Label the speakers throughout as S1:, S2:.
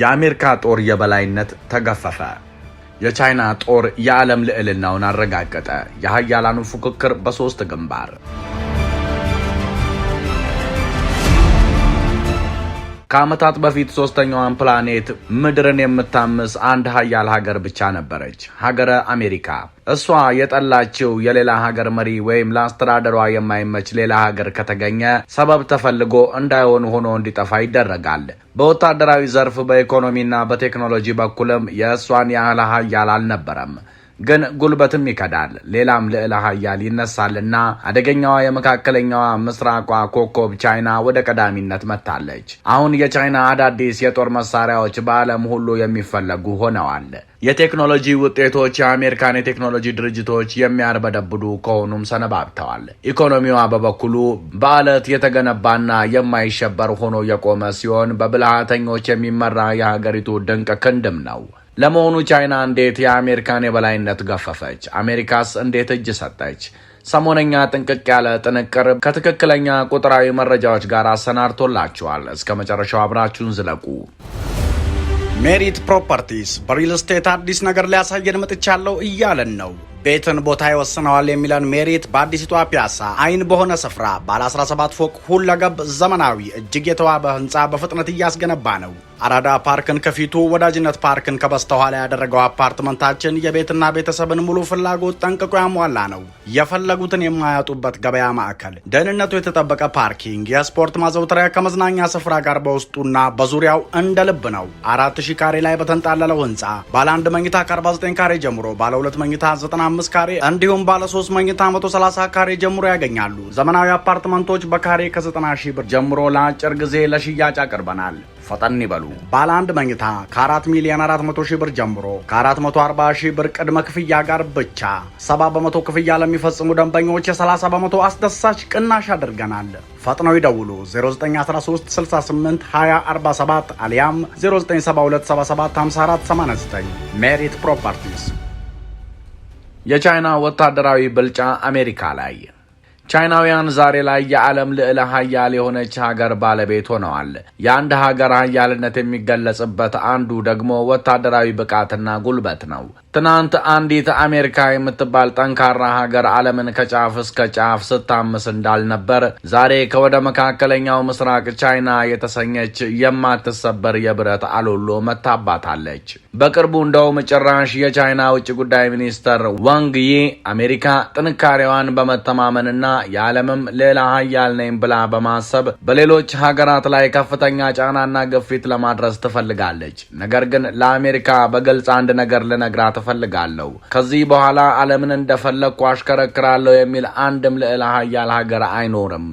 S1: የአሜሪካ ጦር የበላይነት ተገፈፈ። የቻይና ጦር የዓለም ልዕልናውን አረጋገጠ። የሀያላኑ ፉክክር በሦስት ግንባር ከዓመታት በፊት ሶስተኛዋን ፕላኔት ምድርን የምታምስ አንድ ሀያል ሀገር ብቻ ነበረች፣ ሀገረ አሜሪካ። እሷ የጠላችው የሌላ ሀገር መሪ ወይም ለአስተዳደሯ የማይመች ሌላ ሀገር ከተገኘ ሰበብ ተፈልጎ እንዳይሆን ሆኖ እንዲጠፋ ይደረጋል። በወታደራዊ ዘርፍ በኢኮኖሚና በቴክኖሎጂ በኩልም የእሷን ያህል ሀያል አልነበረም። ግን ጉልበትም ይከዳል። ሌላም ልዕለ ሀያል ይነሳልና አደገኛዋ የመካከለኛዋ ምስራቋ ኮከብ ቻይና ወደ ቀዳሚነት መጥታለች። አሁን የቻይና አዳዲስ የጦር መሳሪያዎች በዓለም ሁሉ የሚፈለጉ ሆነዋል። የቴክኖሎጂ ውጤቶች የአሜሪካን የቴክኖሎጂ ድርጅቶች የሚያርበደብዱ ከሆኑም ሰነባብተዋል። ኢኮኖሚዋ በበኩሉ በአለት የተገነባና የማይሸበር ሆኖ የቆመ ሲሆን በብልሃተኞች የሚመራ የሀገሪቱ ድንቅ ክንድም ነው። ለመሆኑ ቻይና እንዴት የአሜሪካን የበላይነት ገፈፈች? አሜሪካስ እንዴት እጅ ሰጠች? ሰሞነኛ ጥንቅቅ ያለ ጥንቅር ከትክክለኛ ቁጥራዊ መረጃዎች ጋር አሰናድቶላችኋል። እስከ መጨረሻው አብራችሁን ዝለቁ። ሜሪት ፕሮፐርቲስ በሪል ስቴት አዲስ ነገር ሊያሳየን መጥቻለሁ እያለን ነው ቤትን ቦታ ይወስነዋል የሚለን ሜሪት በአዲሲቷ ፒያሳ አይን በሆነ ስፍራ ባለ 17 ፎቅ ሁለገብ ዘመናዊ እጅግ የተዋበ ህንፃ በፍጥነት እያስገነባ ነው። አራዳ ፓርክን ከፊቱ ወዳጅነት ፓርክን ከበስተኋላ ያደረገው አፓርትመንታችን የቤትና ቤተሰብን ሙሉ ፍላጎት ጠንቅቆ ያሟላ ነው። የፈለጉትን የማያጡበት ገበያ ማዕከል፣ ደህንነቱ የተጠበቀ ፓርኪንግ፣ የስፖርት ማዘውተሪያ ከመዝናኛ ስፍራ ጋር በውስጡና በዙሪያው እንደ ልብ ነው። አራት ሺ ካሬ ላይ በተንጣለለው ህንፃ ባለ አንድ መኝታ ከ49 ካሬ ጀምሮ ባለ ሁለት መኝታ 195 ካሬ እንዲሁም ባለ 3 መኝታ 130 ካሬ ጀምሮ ያገኛሉ። ዘመናዊ አፓርትመንቶች በካሬ ከ90 ሺህ ብር ጀምሮ ለአጭር ጊዜ ለሽያጭ አቅርበናል። ፈጠን ይበሉ። ባለ አንድ መኝታ ከ4 ሚሊዮን 400 ሺህ ብር ጀምሮ ከ440 ሺህ ብር ቅድመ ክፍያ ጋር ብቻ 70 በመቶ ክፍያ ለሚፈጽሙ ደንበኞች የ30 በመቶ አስደሳች ቅናሽ አድርገናል። ፈጥነው ይደውሉ 0913 68 2047 አሊያም 0972775489 ሜሪት ፕሮፐርቲስ የቻይና ወታደራዊ ብልጫ አሜሪካ ላይ ቻይናውያን ዛሬ ላይ የዓለም ልዕለ ሀያል የሆነች ሀገር ባለቤት ሆነዋል። የአንድ ሀገር ሀያልነት የሚገለጽበት አንዱ ደግሞ ወታደራዊ ብቃትና ጉልበት ነው። ትናንት አንዲት አሜሪካ የምትባል ጠንካራ ሀገር ዓለምን ከጫፍ እስከ ጫፍ ስታምስ እንዳልነበር ዛሬ ከወደ መካከለኛው ምስራቅ ቻይና የተሰኘች የማትሰበር የብረት አሎሎ መታባታለች። በቅርቡ እንደውም ጭራሽ የቻይና ውጭ ጉዳይ ሚኒስተር ዋንግ ይ አሜሪካ ጥንካሬዋን በመተማመንና የዓለምም ሌላ ሀያል ነኝ ብላ በማሰብ በሌሎች ሀገራት ላይ ከፍተኛ ጫናና ግፊት ለማድረስ ትፈልጋለች። ነገር ግን ለአሜሪካ በግልጽ አንድ ነገር ልነግራ ትፈልጋለሁ። ከዚህ በኋላ ዓለምን እንደፈለግኩ አሽከረክራለሁ የሚል አንድም ልዕለ ሀያል ሀገር አይኖርም።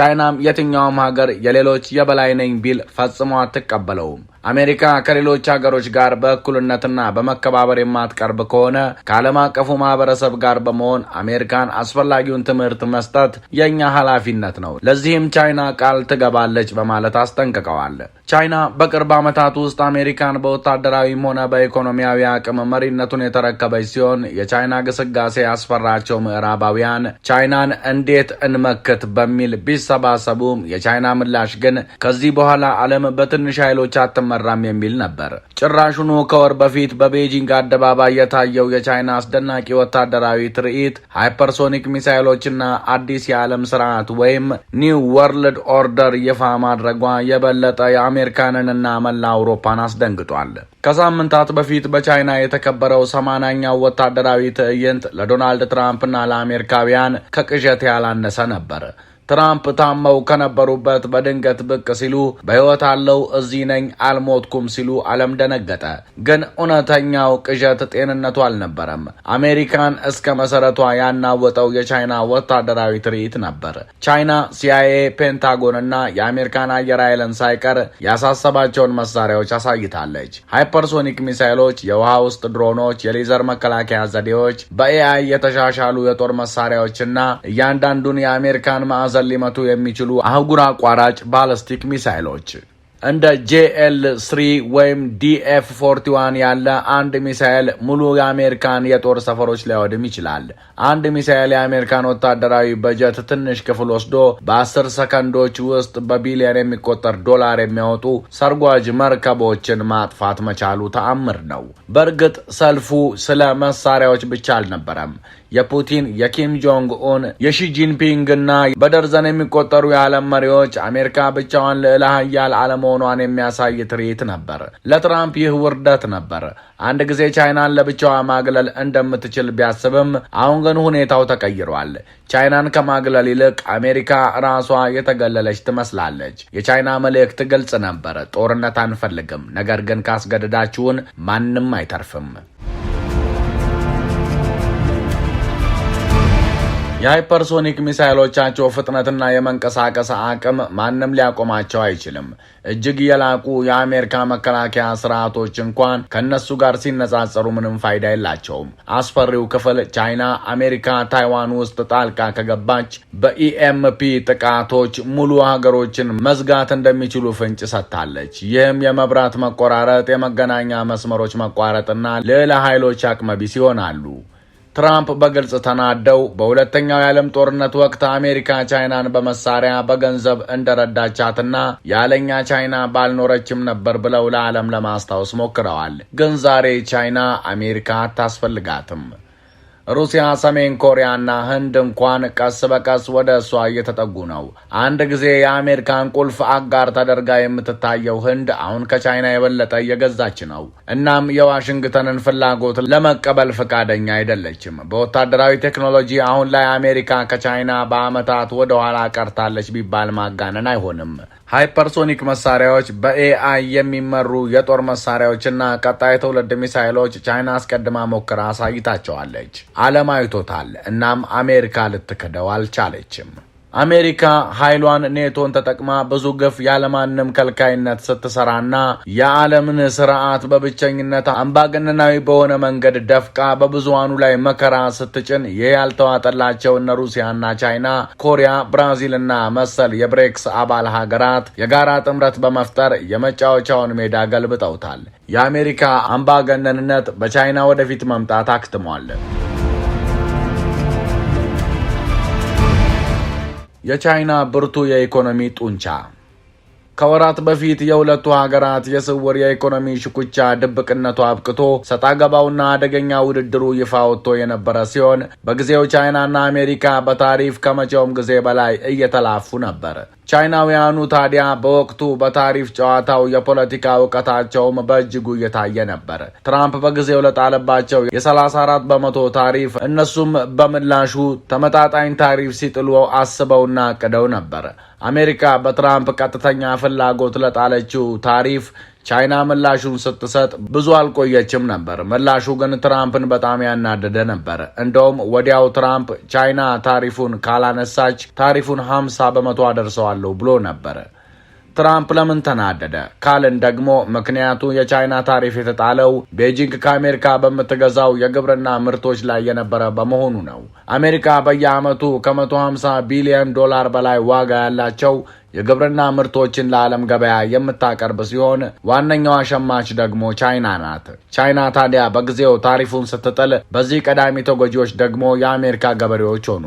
S1: ቻይናም የትኛውም ሀገር የሌሎች የበላይ ነኝ ቢል ፈጽሞ አትቀበለውም። አሜሪካ ከሌሎች ሀገሮች ጋር በእኩልነትና በመከባበር የማትቀርብ ከሆነ ከዓለም አቀፉ ማህበረሰብ ጋር በመሆን አሜሪካን አስፈላጊውን ትምህርት መስጠት የእኛ ኃላፊነት ነው። ለዚህም ቻይና ቃል ትገባለች በማለት አስጠንቅቀዋል። ቻይና በቅርብ ዓመታት ውስጥ አሜሪካን በወታደራዊም ሆነ በኢኮኖሚያዊ አቅም መሪነቱን የተረከበች ሲሆን የቻይና ግስጋሴ ያስፈራቸው ምዕራባውያን ቻይናን እንዴት እንመክት በሚል ቢስ ቢሰባሰቡም የቻይና ምላሽ ግን ከዚህ በኋላ ዓለም በትንሽ ኃይሎች አትመራም የሚል ነበር። ጭራሹኑ ከወር በፊት በቤጂንግ አደባባይ የታየው የቻይና አስደናቂ ወታደራዊ ትርኢት ሃይፐርሶኒክ ሚሳይሎችና አዲስ የዓለም ስርዓት ወይም ኒው ወርልድ ኦርደር ይፋ ማድረጓ የበለጠ የአሜሪካንንና መላ አውሮፓን አስደንግጧል። ከሳምንታት በፊት በቻይና የተከበረው ሰማናኛው ወታደራዊ ትዕይንት ለዶናልድ ትራምፕና ለአሜሪካውያን ከቅዠት ያላነሰ ነበር። ትራምፕ ታመው ከነበሩበት በድንገት ብቅ ሲሉ በሕይወት አለው እዚህ ነኝ አልሞትኩም ሲሉ ዓለም ደነገጠ። ግን እውነተኛው ቅዠት ጤንነቱ አልነበረም። አሜሪካን እስከ መሰረቷ ያናወጠው የቻይና ወታደራዊ ትርኢት ነበር። ቻይና ሲአይኤ፣ ፔንታጎንና የአሜሪካን አየር ኃይልን ሳይቀር ያሳሰባቸውን መሳሪያዎች አሳይታለች። ሃይፐርሶኒክ ሚሳይሎች፣ የውሃ ውስጥ ድሮኖች፣ የሌዘር መከላከያ ዘዴዎች፣ በኤአይ የተሻሻሉ የጦር መሳሪያዎችና እያንዳንዱን የአሜሪካን ማዕዘ ሊመቱ የሚችሉ አህጉር አቋራጭ ባለስቲክ ሚሳይሎች እንደ ጄኤል ስሪ ወይም ዲኤፍ 41 ያለ አንድ ሚሳኤል ሙሉ የአሜሪካን የጦር ሰፈሮች ሊያወድም ይችላል። አንድ ሚሳኤል የአሜሪካን ወታደራዊ በጀት ትንሽ ክፍል ወስዶ በአስር ሰከንዶች ውስጥ በቢሊዮን የሚቆጠር ዶላር የሚያወጡ ሰርጓጅ መርከቦችን ማጥፋት መቻሉ ተአምር ነው። በእርግጥ ሰልፉ ስለ መሳሪያዎች ብቻ አልነበረም። የፑቲን የኪም ጆንግ ኡን የሺ ጂንፒንግ እና በደርዘን የሚቆጠሩ የዓለም መሪዎች አሜሪካ ብቻዋን ልዕለ ሀያል አለመ መሆኗን የሚያሳይ ትርኢት ነበር። ለትራምፕ ይህ ውርደት ነበር። አንድ ጊዜ ቻይናን ለብቻዋ ማግለል እንደምትችል ቢያስብም አሁን ግን ሁኔታው ተቀይሯል። ቻይናን ከማግለል ይልቅ አሜሪካ ራሷ የተገለለች ትመስላለች። የቻይና መልእክት ግልጽ ነበር። ጦርነት አንፈልግም፣ ነገር ግን ካስገደዳችሁን ማንም አይተርፍም። የሃይፐርሶኒክ ሚሳይሎቻቸው ፍጥነትና የመንቀሳቀስ አቅም ማንም ሊያቆማቸው አይችልም። እጅግ የላቁ የአሜሪካ መከላከያ ስርዓቶች እንኳን ከነሱ ጋር ሲነጻጸሩ ምንም ፋይዳ የላቸውም። አስፈሪው ክፍል ቻይና አሜሪካ ታይዋን ውስጥ ጣልቃ ከገባች በኢኤምፒ ጥቃቶች ሙሉ ሀገሮችን መዝጋት እንደሚችሉ ፍንጭ ሰጥታለች። ይህም የመብራት መቆራረጥ፣ የመገናኛ መስመሮች መቋረጥና ልዕለ ኃይሎች አቅመቢስ ይሆናሉ። ትራምፕ በግልጽ ተናደው በሁለተኛው የዓለም ጦርነት ወቅት አሜሪካ ቻይናን በመሳሪያ በገንዘብ እንደረዳቻትና ያለኛ ቻይና ባልኖረችም ነበር ብለው ለዓለም ለማስታወስ ሞክረዋል። ግን ዛሬ ቻይና አሜሪካ አታስፈልጋትም። ሩሲያ፣ ሰሜን ኮሪያና ህንድ እንኳን ቀስ በቀስ ወደ እሷ እየተጠጉ ነው። አንድ ጊዜ የአሜሪካን ቁልፍ አጋር ተደርጋ የምትታየው ህንድ አሁን ከቻይና የበለጠ እየገዛች ነው። እናም የዋሽንግተንን ፍላጎት ለመቀበል ፈቃደኛ አይደለችም። በወታደራዊ ቴክኖሎጂ አሁን ላይ አሜሪካ ከቻይና በዓመታት ወደ ኋላ ቀርታለች ቢባል ማጋነን አይሆንም። ሃይፐርሶኒክ መሳሪያዎች፣ በኤአይ የሚመሩ የጦር መሳሪያዎችና ቀጣይ ትውልድ ሚሳይሎች ቻይና አስቀድማ ሞክራ አሳይታቸዋለች። ዓለም አይቶታል። እናም አሜሪካ ልትክደው አልቻለችም። አሜሪካ ኃይሏን ኔቶን ተጠቅማ ብዙ ግፍ ያለማንም ከልካይነት ስትሰራና የዓለምን ስርዓት በብቸኝነት አምባገነናዊ በሆነ መንገድ ደፍቃ በብዙሃኑ ላይ መከራ ስትጭን ይህ ያልተዋጠላቸው እነ ሩሲያና ቻይና፣ ኮሪያ፣ ብራዚልና መሰል የብሬክስ አባል ሀገራት የጋራ ጥምረት በመፍጠር የመጫወቻውን ሜዳ ገልብጠውታል። የአሜሪካ አምባገነንነት በቻይና ወደፊት መምጣት አክትሟል። የቻይና ብርቱ የኢኮኖሚ ጡንቻ። ከወራት በፊት የሁለቱ ሀገራት የስውር የኢኮኖሚ ሽኩቻ ድብቅነቱ አብቅቶ ሰጣገባውና አደገኛ ውድድሩ ይፋ ወጥቶ የነበረ ሲሆን በጊዜው ቻይናና አሜሪካ በታሪፍ ከመቼውም ጊዜ በላይ እየተላፉ ነበር። ቻይናውያኑ ታዲያ በወቅቱ በታሪፍ ጨዋታው የፖለቲካ እውቀታቸውም በእጅጉ እየታየ ነበር። ትራምፕ በጊዜው ለጣለባቸው የ34 በመቶ ታሪፍ እነሱም በምላሹ ተመጣጣኝ ታሪፍ ሲጥሉ አስበውና አቅደው ነበር። አሜሪካ በትራምፕ ቀጥተኛ ፍላጎት ለጣለችው ታሪፍ ቻይና ምላሹን ስትሰጥ ብዙ አልቆየችም ነበር። ምላሹ ግን ትራምፕን በጣም ያናደደ ነበር። እንደውም ወዲያው ትራምፕ ቻይና ታሪፉን ካላነሳች ታሪፉን 50 በመቶ አደርሰዋለሁ ብሎ ነበር። ትራምፕ ለምን ተናደደ ካልን ደግሞ ምክንያቱ የቻይና ታሪፍ የተጣለው ቤጂንግ ከአሜሪካ በምትገዛው የግብርና ምርቶች ላይ የነበረ በመሆኑ ነው። አሜሪካ በየዓመቱ ከ150 ቢሊዮን ዶላር በላይ ዋጋ ያላቸው የግብርና ምርቶችን ለዓለም ገበያ የምታቀርብ ሲሆን ዋነኛዋ ሸማች ደግሞ ቻይና ናት። ቻይና ታዲያ በጊዜው ታሪፉን ስትጥል፣ በዚህ ቀዳሚ ተጎጂዎች ደግሞ የአሜሪካ ገበሬዎች ሆኑ።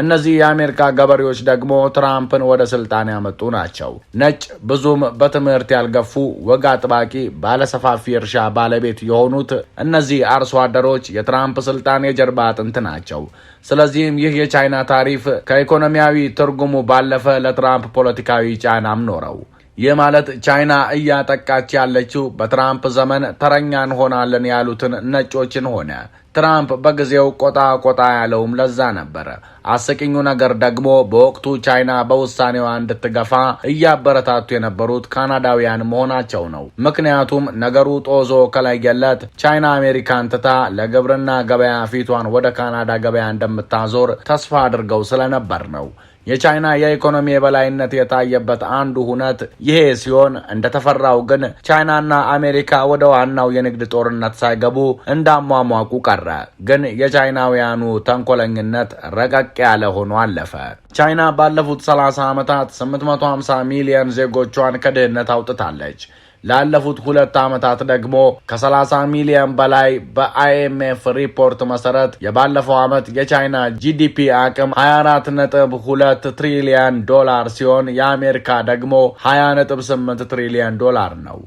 S1: እነዚህ የአሜሪካ ገበሬዎች ደግሞ ትራምፕን ወደ ስልጣን ያመጡ ናቸው። ነጭ ብዙም በትምህርት ያልገፉ ወግ አጥባቂ ባለሰፋፊ እርሻ ባለቤት የሆኑት እነዚህ አርሶ አደሮች የትራምፕ ስልጣን የጀርባ አጥንት ናቸው። ስለዚህም ይህ የቻይና ታሪፍ ከኢኮኖሚያዊ ትርጉሙ ባለፈ ለትራምፕ ፖለቲካዊ ጫናም ኖረው ይህ ማለት ቻይና እያጠቃች ያለችው በትራምፕ ዘመን ተረኛ እንሆናለን ያሉትን ነጮችን ሆነ። ትራምፕ በጊዜው ቆጣ ቆጣ ያለውም ለዛ ነበረ። አስቂኙ ነገር ደግሞ በወቅቱ ቻይና በውሳኔዋ እንድትገፋ እያበረታቱ የነበሩት ካናዳውያን መሆናቸው ነው። ምክንያቱም ነገሩ ጦዞ ከለየለት ቻይና አሜሪካን ትታ ለግብርና ገበያ ፊቷን ወደ ካናዳ ገበያ እንደምታዞር ተስፋ አድርገው ስለነበር ነው። የቻይና የኢኮኖሚ የበላይነት የታየበት አንዱ ሁነት ይሄ ሲሆን እንደተፈራው ግን ቻይናና አሜሪካ ወደ ዋናው የንግድ ጦርነት ሳይገቡ እንዳሟሟቁ ቀረ። ግን የቻይናውያኑ ተንኮለኝነት ረቀቅ ያለ ሆኖ አለፈ። ቻይና ባለፉት 30 ዓመታት 850 ሚሊዮን ዜጎቿን ከድህነት አውጥታለች። ላለፉት ሁለት ዓመታት ደግሞ ከ30 ሚሊዮን በላይ በአይኤምኤፍ ሪፖርት መሰረት የባለፈው ዓመት የቻይና ጂዲፒ አቅም 24 ነጥብ 2 ትሪሊየን ዶላር ሲሆን የአሜሪካ ደግሞ 20 ነጥብ 8 ትሪሊየን ዶላር ነው።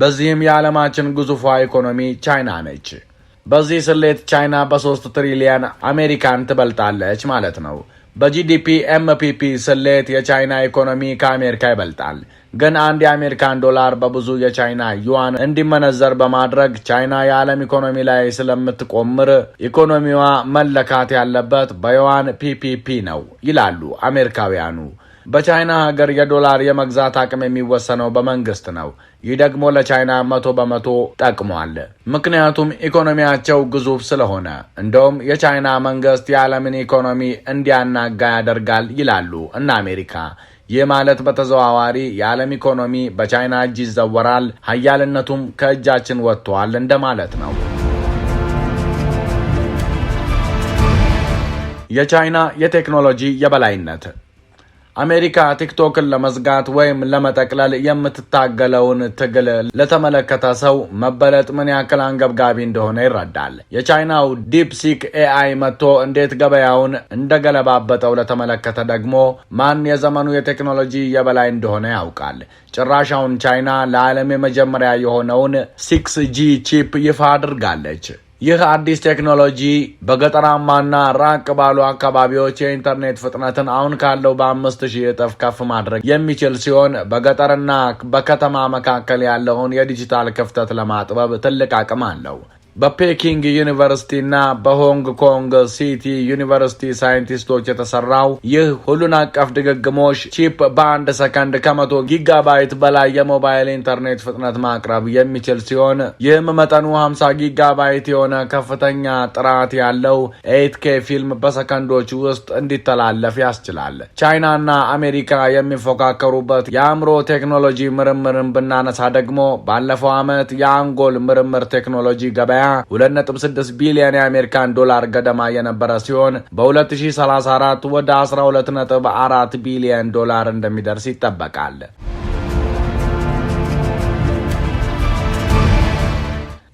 S1: በዚህም የዓለማችን ግዙፏ ኢኮኖሚ ቻይና ነች። በዚህ ስሌት ቻይና በ3 ትሪሊየን አሜሪካን ትበልጣለች ማለት ነው። በጂዲፒ ኤምፒፒ ስሌት የቻይና ኢኮኖሚ ከአሜሪካ ይበልጣል። ግን አንድ የአሜሪካን ዶላር በብዙ የቻይና ዩዋን እንዲመነዘር በማድረግ ቻይና የዓለም ኢኮኖሚ ላይ ስለምትቆምር ኢኮኖሚዋ መለካት ያለበት በዩዋን ፒፒፒ ነው ይላሉ አሜሪካውያኑ። በቻይና ሀገር የዶላር የመግዛት አቅም የሚወሰነው በመንግስት ነው። ይህ ደግሞ ለቻይና መቶ በመቶ ጠቅሟል። ምክንያቱም ኢኮኖሚያቸው ግዙፍ ስለሆነ፣ እንደውም የቻይና መንግስት የዓለምን ኢኮኖሚ እንዲያናጋ ያደርጋል ይላሉ እነ አሜሪካ። ይህ ማለት በተዘዋዋሪ የዓለም ኢኮኖሚ በቻይና እጅ ይዘወራል፣ ሀያልነቱም ከእጃችን ወጥቷል እንደማለት ነው። የቻይና የቴክኖሎጂ የበላይነት አሜሪካ ቲክቶክን ለመዝጋት ወይም ለመጠቅለል የምትታገለውን ትግል ለተመለከተ ሰው መበለጥ ምን ያክል አንገብጋቢ እንደሆነ ይረዳል። የቻይናው ዲፕሲክ ኤአይ መጥቶ እንዴት ገበያውን እንደገለባበጠው ለተመለከተ ደግሞ ማን የዘመኑ የቴክኖሎጂ የበላይ እንደሆነ ያውቃል። ጭራሻውን ቻይና ለዓለም የመጀመሪያ የሆነውን ሲክስ ጂ ቺፕ ይፋ አድርጋለች። ይህ አዲስ ቴክኖሎጂ በገጠራማና ራቅ ባሉ አካባቢዎች የኢንተርኔት ፍጥነትን አሁን ካለው በአምስት ሺህ እጥፍ ከፍ ማድረግ የሚችል ሲሆን በገጠርና በከተማ መካከል ያለውን የዲጂታል ክፍተት ለማጥበብ ትልቅ አቅም አለው። በፔኪንግ ዩኒቨርሲቲና በሆንግ ኮንግ ሲቲ ዩኒቨርሲቲ ሳይንቲስቶች የተሰራው ይህ ሁሉን አቀፍ ድግግሞሽ ቺፕ በአንድ ሰከንድ ከመቶ ጊጋባይት በላይ የሞባይል ኢንተርኔት ፍጥነት ማቅረብ የሚችል ሲሆን ይህም መጠኑ 50 ጊጋባይት የሆነ ከፍተኛ ጥራት ያለው ኤትኬ ፊልም በሰከንዶች ውስጥ እንዲተላለፍ ያስችላል። ቻይናና አሜሪካ የሚፎካከሩበት የአእምሮ ቴክኖሎጂ ምርምርን ብናነሳ ደግሞ ባለፈው ዓመት የአንጎል ምርምር ቴክኖሎጂ ገበያ 2.6 ቢሊዮን የአሜሪካን ዶላር ገደማ የነበረ ሲሆን በ2034 ወደ 12.4 ቢሊዮን ዶላር እንደሚደርስ ይጠበቃል።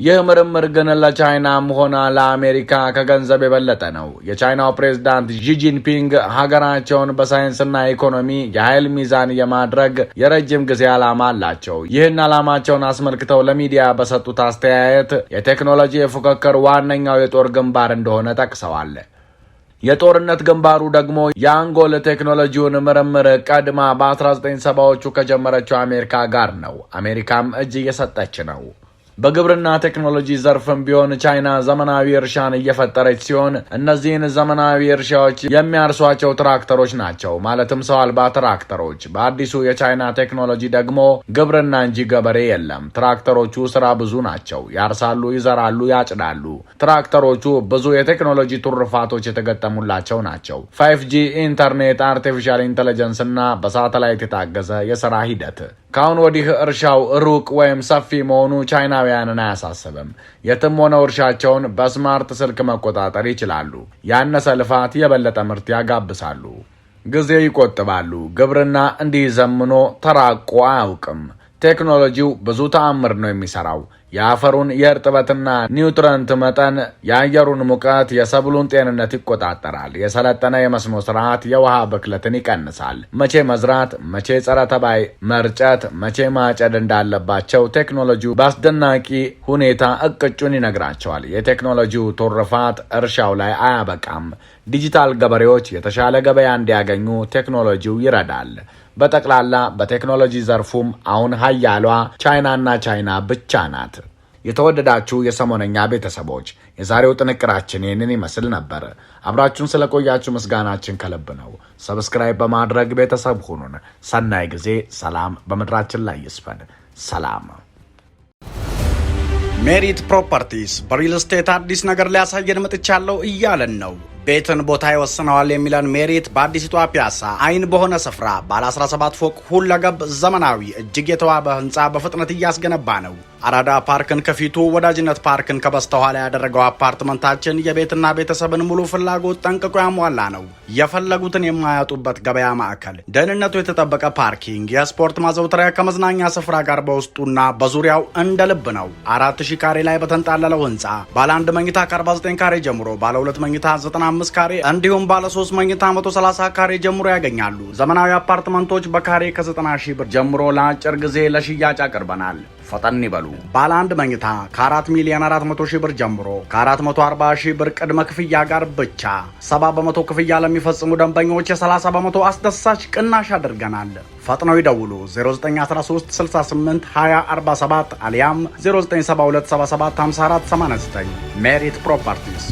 S1: ይህ ምርምር ግን ለቻይናም ሆነ ለአሜሪካ ከገንዘብ የበለጠ ነው። የቻይናው ፕሬዝዳንት ዢጂንፒንግ ሀገራቸውን በሳይንስና ኢኮኖሚ የኃይል ሚዛን የማድረግ የረጅም ጊዜ ዓላማ አላቸው። ይህን ዓላማቸውን አስመልክተው ለሚዲያ በሰጡት አስተያየት የቴክኖሎጂ የፉክክር ዋነኛው የጦር ግንባር እንደሆነ ጠቅሰዋል። የጦርነት ግንባሩ ደግሞ የአንጎል ቴክኖሎጂውን ምርምር ቀድማ በ1970ዎቹ ከጀመረችው አሜሪካ ጋር ነው። አሜሪካም እጅ እየሰጠች ነው። በግብርና ቴክኖሎጂ ዘርፍም ቢሆን ቻይና ዘመናዊ እርሻን እየፈጠረች ሲሆን እነዚህን ዘመናዊ እርሻዎች የሚያርሷቸው ትራክተሮች ናቸው፣ ማለትም ሰው አልባ ትራክተሮች። በአዲሱ የቻይና ቴክኖሎጂ ደግሞ ግብርና እንጂ ገበሬ የለም። ትራክተሮቹ ስራ ብዙ ናቸው። ያርሳሉ፣ ይዘራሉ፣ ያጭዳሉ። ትራክተሮቹ ብዙ የቴክኖሎጂ ቱርፋቶች የተገጠሙላቸው ናቸው። ፋይቭ ጂ፣ ኢንተርኔት፣ አርቲፊሻል ኢንቴሊጀንስ እና በሳተላይት የታገዘ የስራ ሂደት ከአሁን ወዲህ እርሻው ሩቅ ወይም ሰፊ መሆኑ ቻይናውያንን አያሳስብም። የትም ሆነው እርሻቸውን በስማርት ስልክ መቆጣጠር ይችላሉ። ያነሰ ልፋት የበለጠ ምርት ያጋብሳሉ፣ ጊዜ ይቆጥባሉ። ግብርና እንዲህ ዘምኖ ተራቆ አያውቅም። ቴክኖሎጂው ብዙ ተአምር ነው የሚሰራው። የአፈሩን የእርጥበትና ኒውትረንት መጠን፣ የአየሩን ሙቀት፣ የሰብሉን ጤንነት ይቆጣጠራል። የሰለጠነ የመስኖ ስርዓት የውሃ ብክለትን ይቀንሳል። መቼ መዝራት፣ መቼ ጸረ ተባይ መርጨት፣ መቼ ማጨድ እንዳለባቸው ቴክኖሎጂው በአስደናቂ ሁኔታ እቅጩን ይነግራቸዋል። የቴክኖሎጂው ትሩፋት እርሻው ላይ አያበቃም። ዲጂታል ገበሬዎች የተሻለ ገበያ እንዲያገኙ ቴክኖሎጂው ይረዳል። በጠቅላላ በቴክኖሎጂ ዘርፉም አሁን ሀያሏ ቻይናና ቻይና ብቻ ናት። የተወደዳችሁ የሰሞነኛ ቤተሰቦች የዛሬው ጥንቅራችን ይህንን ይመስል ነበር። አብራችሁን ስለቆያችሁ ምስጋናችን ከልብ ነው። ሰብስክራይብ በማድረግ ቤተሰብ ሁኑን። ሰናይ ጊዜ። ሰላም በምድራችን ላይ ይስፈን። ሰላም። ሜሪት ፕሮፐርቲስ በሪል ስቴት አዲስ ነገር ሊያሳየን መጥቻለሁ እያለን ነው። ቤትን ቦታ ይወስነዋል የሚለን ሜሪት በአዲሲቷ ፒያሳ አይን በሆነ ስፍራ ባለ 17 ፎቅ ሁለገብ ዘመናዊ እጅግ የተዋበ ህንፃ በፍጥነት እያስገነባ ነው። አራዳ ፓርክን ከፊቱ ወዳጅነት ፓርክን ከበስተኋላ ያደረገው አፓርትመንታችን የቤትና ቤተሰብን ሙሉ ፍላጎት ጠንቅቆ ያሟላ ነው። የፈለጉትን የማያጡበት ገበያ ማዕከል፣ ደህንነቱ የተጠበቀ ፓርኪንግ፣ የስፖርት ማዘውተሪያ ከመዝናኛ ስፍራ ጋር በውስጡና በዙሪያው እንደ ልብ ነው። አራት ሺ ካሬ ላይ በተንጣለለው ህንፃ ባለ አንድ መኝታ ከ49 ካሬ ጀምሮ ባለ ሁለት መኝታ 95 ካሬ እንዲሁም ባለ ሶስት መኝታ 130 ካሬ ጀምሮ ያገኛሉ። ዘመናዊ አፓርትመንቶች በካሬ ከ90 ሺ ብር ጀምሮ ለአጭር ጊዜ ለሽያጭ አቅርበናል። ፈጠን ይበሉ። ባለ አንድ መኝታ ከ4 ሚሊዮን 400 ሺህ ብር ጀምሮ ከ440 ሺህ ብር ቅድመ ክፍያ ጋር ብቻ 70 በመቶ ክፍያ ለሚፈጽሙ ደንበኞች የ30 በመቶ አስደሳች ቅናሽ አድርገናል። ፈጥነው ይደውሉ 0913 68 2047 አሊያም 0972775489 ሜሪት ፕሮፐርቲስ